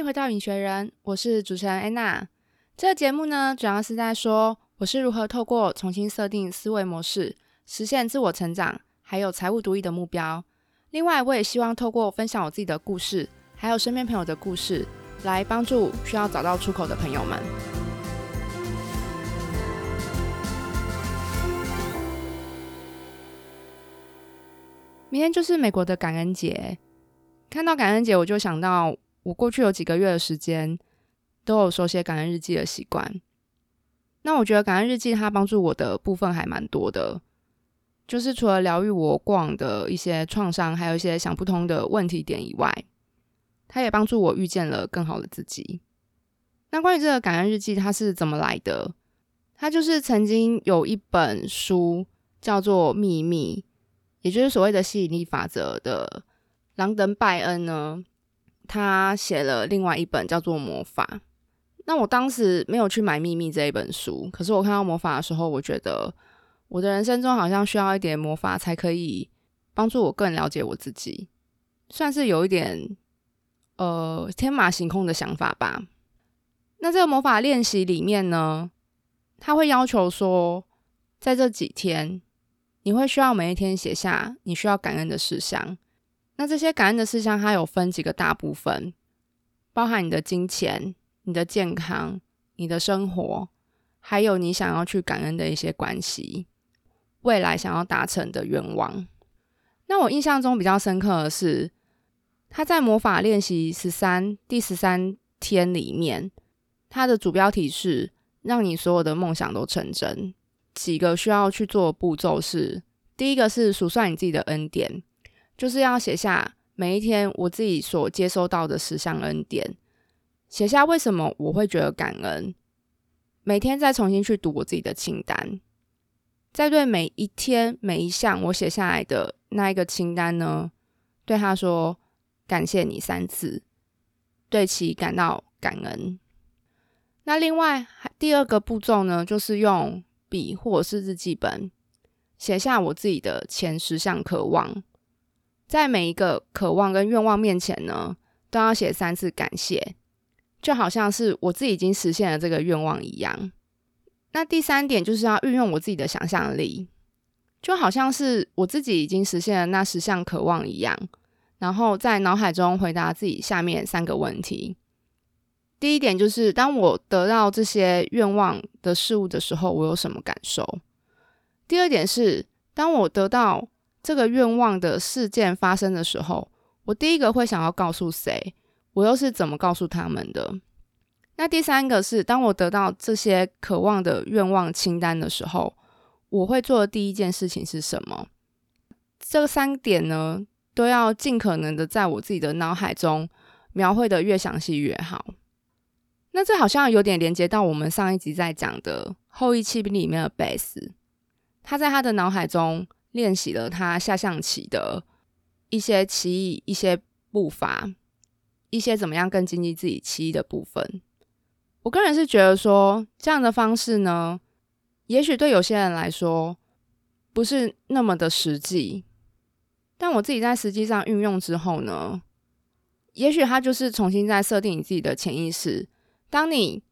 歡迎回到癮學人，我是主持人 Anna。這個節目呢，主要是在說我是如何透過重新設定思維模式，實現自我成長，還有財務獨立的目標。另外，我也希望透過分享我自己的故事，還有身邊朋友的故事，來幫助需要找到出口的朋友們。明天就是美國的感恩節，看到感恩節，我就想到。我過去有幾個月的時間，都有手寫感恩日記的習慣。那我覺得感恩日記它幫助我的部分還蠻多的，就是除了療癒我過往的一些創傷，還有一些想不通的問題點以外，它也幫助我遇見了更好的自己。那關於這個感恩日記它是怎麼來的？它就是曾經有一本書叫做《秘密》，也就是所謂的吸引力法則的郎達·拜恩呢。他寫了另外一本叫做《魔法》，那我當時沒有去買《祕密》這一本書，可是我看到《魔法》的時候，我覺得我的人生中好像需要一點魔法才可以幫助我更了解我自己，算是有一點呃天馬行空的想法吧。那這個魔法練習裡面呢，他會要求說，在這幾天你會需要每一天寫下你需要感恩的事項。那這些感恩的事項，它有分幾個大部分，包含你的金錢、你的健康、你的生活，還有你想要去感恩的一些關係，未來想要達成的願望。那我印象中比較深刻的是，他在魔法練習十三第十三天裡面，他的主標題是“讓你所有的夢想都成真”。幾個需要去做的步驟是：第一個是數算你自己的恩典。就是要寫下每一天我自己所接收到的十項恩典，寫下為什麼我會覺得感恩。每天再重新去讀我自己的清單，再對每一天每一項我寫下來的那一個清單呢，對他說感謝你三次，對其感到感恩。那另外，第二個步驟呢，就是用筆或者是日記本寫下我自己的前十項渴望。在每一個渴望跟願望面前呢，都要寫三次感謝，就好像是我自己已經實現了這個願望一樣。那第三點就是要運用我自己的想象力，就好像是我自己已經實現了那十項渴望一樣，然後在腦海中回答自己下面三個問題。第一點就是，當我得到這些願望的事物的時候，我有什麼感受？第二點是，當我得到，這個願望的事件發生的時候，我第一個會想要告訴誰？我又是怎麼告訴他們的？那第三個是，當我得到這些渴望的願望清單的時候，我會做的第一件事情是什麼？這三點呢，都要盡可能的在我自己的腦海中描繪得越詳細越好。那這好像有點連接到我們上一集在講的後翼棄兵裡面的 base。他在他的腦海中。練習了他下象棋的一些棋藝、一些步伐、一些怎麼樣更精進自己棋藝的部分。我個人是覺得說，這樣的方式呢，也許對有些人來說不是那麼的實際。但我自己在實際上運用之後呢，也許他就是重新在設定你自己的潛意識。當你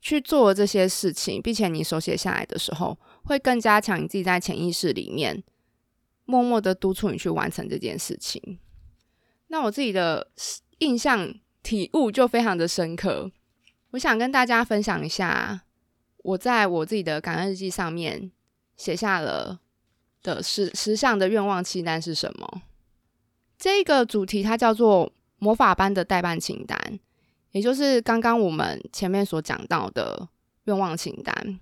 去做了這些事情，並且你手寫下來的時候，會更加強你自己在潛意識裡面。默默的督促你去完成這件事情，那我自己的印象體悟就非常的深刻。我想跟大家分享一下，我在我自己的感恩日記，記上面寫下了的是十,十項的願望清單是什麼？這個主題它叫做魔法般的待辦清單，也就是剛剛我們前面所講到的願望清單。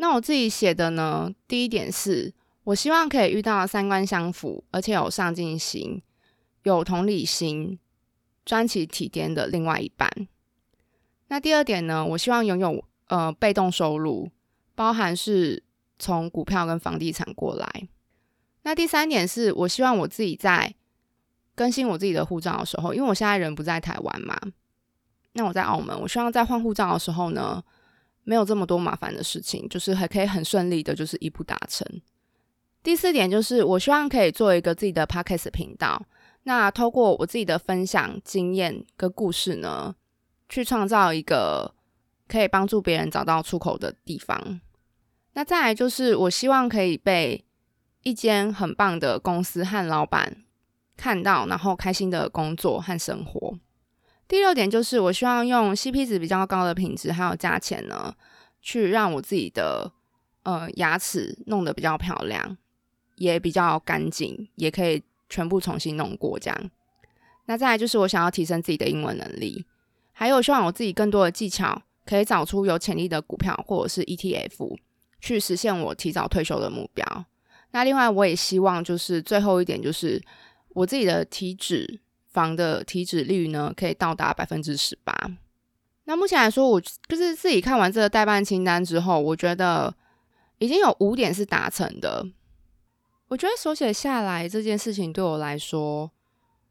那我自己寫的呢，第一點是，我希望可以遇到三觀相符，而且有上進心、有同理心、專情體貼的另外一半。那第二點呢？我希望擁有呃被動收入，包含是從股票跟房地產過來。那第三點是，我希望我自己在更新我自己的護照的時候，因為我現在人不在台灣嘛，那我在澳門，我希望在換護照的時候呢，沒有這麼多麻煩的事情，就是還可以很順利的，就是一步達成。第四點就是，我希望可以做一個自己的 Podcast 頻道，那透過我自己的分享經驗跟故事呢，去創造一個可以幫助別人找到出口的地方。那再來就是，我希望可以被一間很棒的公司和老闆看到，然後開心的工作和生活。第六點就是，我希望用 CP 值比較高的品質還有價錢呢，去讓我自己的呃牙齒弄得比較漂亮。也比較乾淨，也可以全部重新弄過這樣。那再來就是，我想要提升自己的英文能力，還有希望我自己更多的技巧可以找出有潛力的股票或者是 ETF，去實現我提早退休的目標。那另外我也希望，就是最後一點，就是我自己的體脂肪的體脂率呢，可以到達百分之十八。那目前來說，我就是自己看完這個代辦清單之後，我覺得已經有五點是達成的。我覺得手寫下來這件事情對我來說，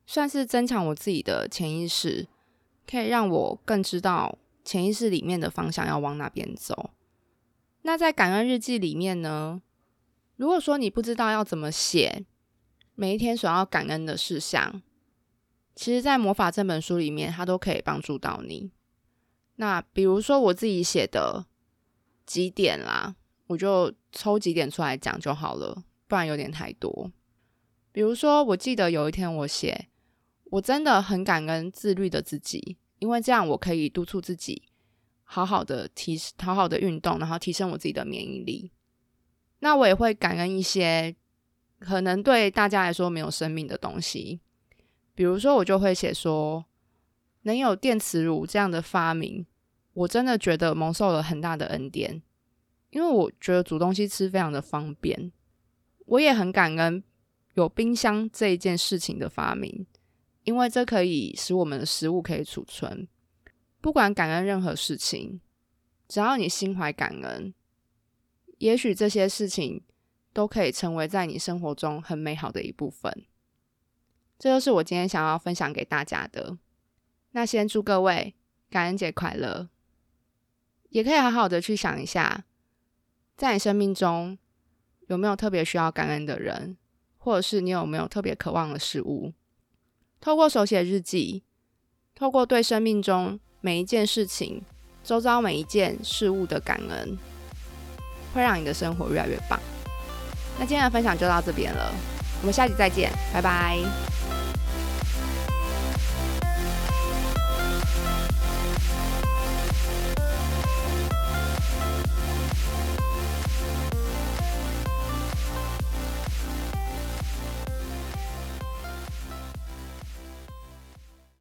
算是增強我自己的潛意識，可以讓我更知道潛意識裡面的方向要往哪邊走。那在感恩日記裡面呢，如果說你不知道要怎麼寫每一天所要感恩的事項，其實，在魔法這本書裡面，它都可以幫助到你。那比如說我自己寫的幾點啦，我就抽幾點出來講就好了。不然有點太多。比如說，我記得有一天我寫，我真的很感恩自律的自己，因為這樣我可以督促自己好好的提，好好的運動，然後提升我自己的免疫力。那我也會感恩一些可能對大家來說沒有生命的東西，比如說我就會寫說，能有電磁爐這樣的發明，我真的覺得蒙受了很大的恩典，因為我覺得煮東西吃非常的方便。我也很感恩有冰箱這一件事情的發明，因為這可以使我們的食物可以儲存。不管感恩任何事情，只要你心懷感恩，也許這些事情都可以成為在你生活中很美好的一部分。這就是我今天想要分享給大家的。那先祝各位感恩節快樂，也可以好好的去想一下，在你生命中，有沒有特別需要感恩的人，或者是你有沒有特別渴望的事物？透過手寫日記，透過對生命中每一件事情、周遭每一件事物的感恩，會讓你的生活越來越棒。那今天的分享就到這邊了，我們下集再見，拜拜。